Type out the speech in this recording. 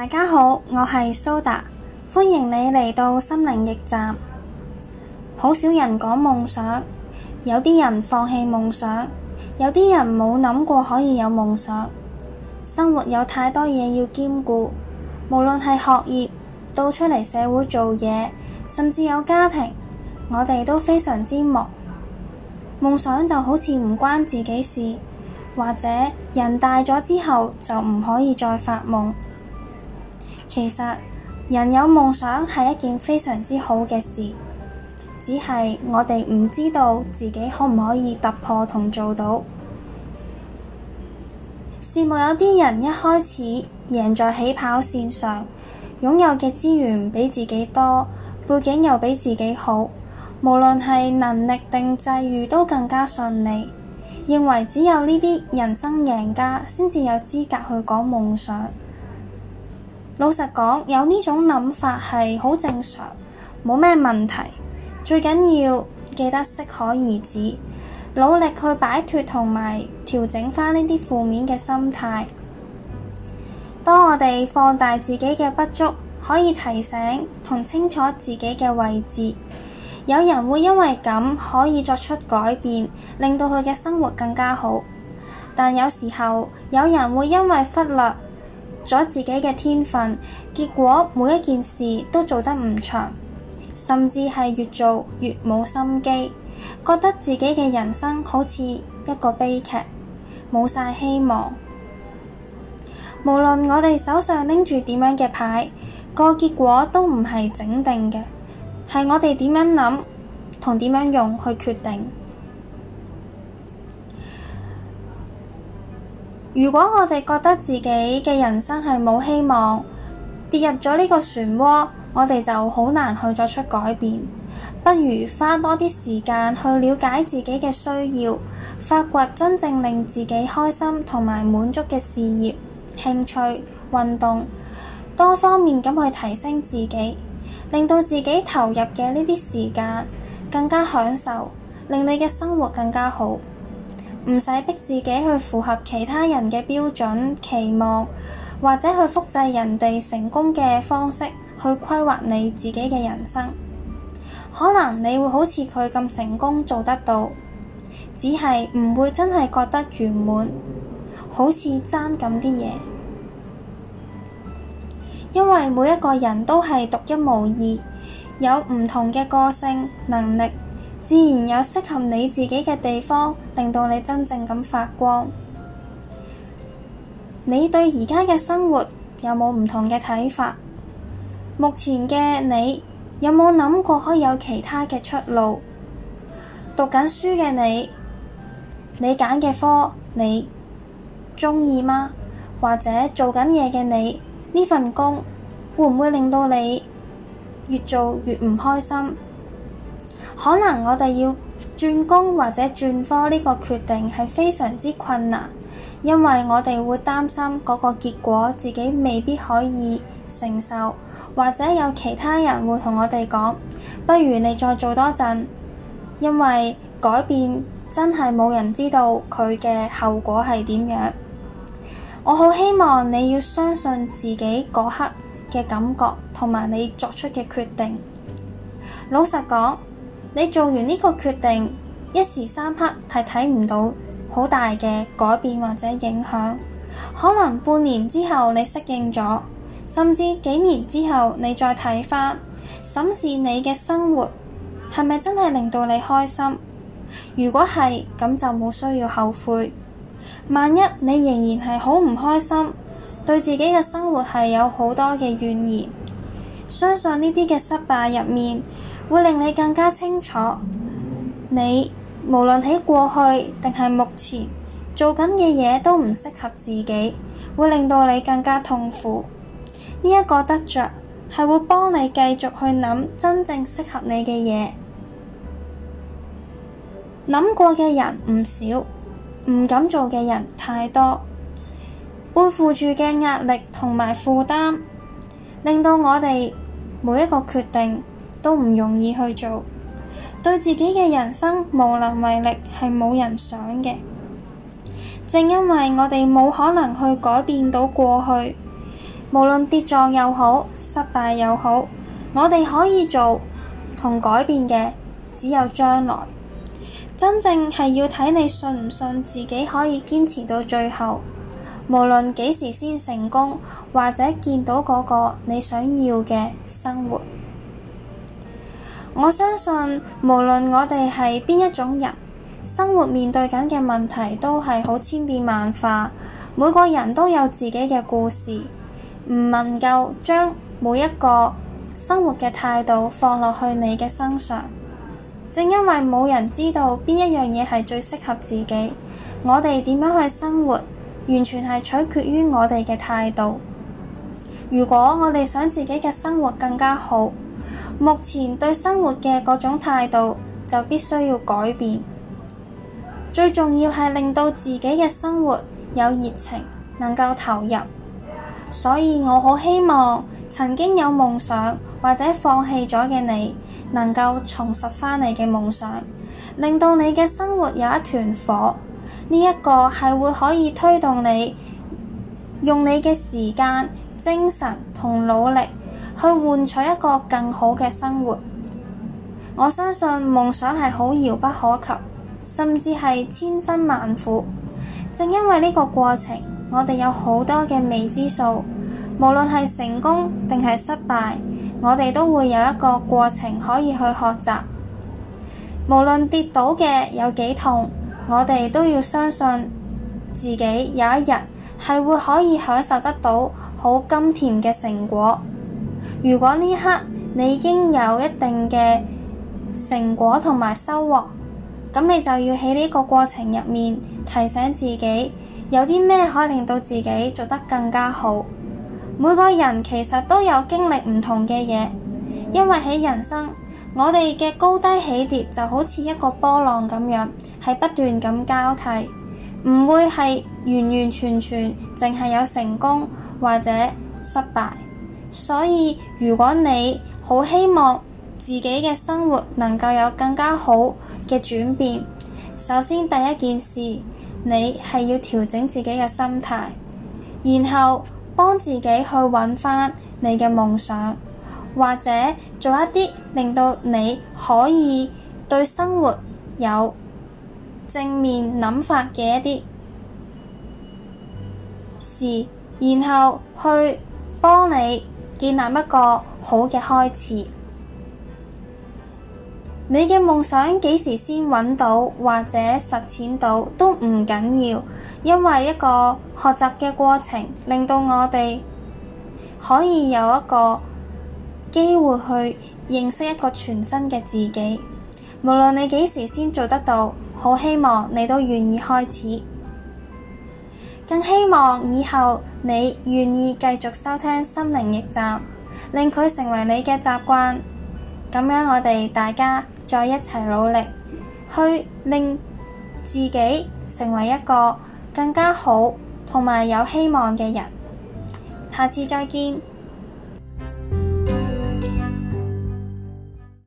大家好，我係蘇達，歡迎你嚟到心靈驛站。好少人講夢想，有啲人放棄夢想，有啲人冇諗過可以有夢想。生活有太多嘢要兼顧，無論係學業到出嚟社會做嘢，甚至有家庭，我哋都非常之忙。夢想就好似唔關自己事，或者人大咗之後就唔可以再發夢。其實人有夢想係一件非常之好嘅事，只係我哋唔知道自己可唔可以突破同做到。羨慕有啲人一開始贏在起跑線上，擁有嘅資源比自己多，背景又比自己好，無論係能力定際遇都更加順利。認為只有呢啲人生贏家先至有資格去講夢想。老實講，有呢種諗法係好正常，冇咩問題。最緊要記得適可而止，努力去擺脫同埋調整翻呢啲負面嘅心態。當我哋放大自己嘅不足，可以提醒同清楚自己嘅位置。有人會因為咁可以作出改變，令到佢嘅生活更加好。但有時候，有人會因為忽略咗自己嘅天分，結果每一件事都做得唔長，甚至係越做越冇心機，覺得自己嘅人生好似一個悲劇，冇晒希望。無論我哋手上拎住點樣嘅牌，個結果都唔係整定嘅，係我哋點樣諗同點樣用去決定。如果我哋覺得自己嘅人生係冇希望，跌入咗呢個漩渦，我哋就好難去作出改變。不如花多啲時間去了解自己嘅需要，發掘真正令自己開心同埋滿足嘅事業、興趣、運動，多方面咁去提升自己，令到自己投入嘅呢啲時間更加享受，令你嘅生活更加好。唔使逼自己去符合其他人嘅標準期望，或者去複製人哋成功嘅方式去規劃你自己嘅人生。可能你會好似佢咁成功做得到，只係唔會真係覺得圓滿，好似爭咁啲嘢。因為每一個人都係獨一無二，有唔同嘅個性能力。自然有適合你自己嘅地方，令到你真正咁發光。你對而家嘅生活有冇唔同嘅睇法？目前嘅你有冇諗過可以有其他嘅出路？讀緊書嘅你，你揀嘅科，你中意嗎？或者做緊嘢嘅你，呢份工會唔會令到你越做越唔開心？可能我哋要轉工或者轉科呢個決定係非常之困難，因為我哋會擔心嗰個結果自己未必可以承受，或者有其他人會同我哋講，不如你再做多陣，因為改變真係冇人知道佢嘅後果係點樣。我好希望你要相信自己嗰刻嘅感覺同埋你作出嘅決定。老實講。你做完呢個決定，一時三刻係睇唔到好大嘅改變或者影響，可能半年之後你適應咗，甚至幾年之後你再睇返，審視你嘅生活係咪真係令到你開心？如果係，咁就冇需要後悔。萬一你仍然係好唔開心，對自己嘅生活係有好多嘅怨言，相信呢啲嘅失敗入面。會令你更加清楚，你無論喺過去定係目前做緊嘅嘢都唔適合自己，會令到你更加痛苦。呢一個得着係會幫你繼續去諗真正適合你嘅嘢。諗過嘅人唔少，唔敢做嘅人太多，背負住嘅壓力同埋負擔，令到我哋每一個決定。都唔容易去做，對自己嘅人生無能為力，係冇人想嘅。正因為我哋冇可能去改變到過去，無論跌撞又好，失敗又好，我哋可以做同改變嘅，只有將來。真正係要睇你信唔信自己可以堅持到最後，無論幾時先成功，或者見到嗰個你想要嘅生活。我相信，無論我哋係邊一種人，生活面對緊嘅問題都係好千變萬化。每個人都有自己嘅故事，唔能夠將每一個生活嘅態度放落去你嘅身上。正因為冇人知道邊一樣嘢係最適合自己，我哋點樣去生活，完全係取決於我哋嘅態度。如果我哋想自己嘅生活更加好，目前對生活嘅各種態度就必須要改變，最重要係令到自己嘅生活有熱情，能夠投入。所以我好希望曾經有夢想或者放棄咗嘅你，能夠重拾返你嘅夢想，令到你嘅生活有一團火。呢一個係會可以推動你用你嘅時間、精神同努力。去換取一個更好嘅生活。我相信夢想係好遙不可及，甚至係千辛萬苦。正因為呢個過程，我哋有好多嘅未知數。無論係成功定係失敗，我哋都會有一個過程可以去學習。無論跌倒嘅有幾痛，我哋都要相信自己有一日係會可以享受得到好甘甜嘅成果。如果呢一刻你已經有一定嘅成果同埋收穫，咁你就要喺呢個過程入面提醒自己有啲咩可以令到自己做得更加好。每個人其實都有經歷唔同嘅嘢，因為喺人生，我哋嘅高低起跌就好似一個波浪咁樣，係不斷咁交替，唔會係完完全全淨係有成功或者失敗。所以如果你好希望自己嘅生活能夠有更加好嘅轉變，首先第一件事，你係要調整自己嘅心態，然後幫自己去揾翻你嘅夢想，或者做一啲令到你可以對生活有正面諗法嘅一啲事，然後去幫你。建立一個好嘅開始，你嘅夢想幾時先揾到或者實踐到都唔緊要，因為一個學習嘅過程令到我哋可以有一個機會去認識一個全新嘅自己。無論你幾時先做得到，好希望你都願意開始。更希望以後你願意繼續收聽《心靈驛站》，令佢成為你嘅習慣。咁樣我哋大家再一齊努力，去令自己成為一個更加好同埋有希望嘅人。下次再見。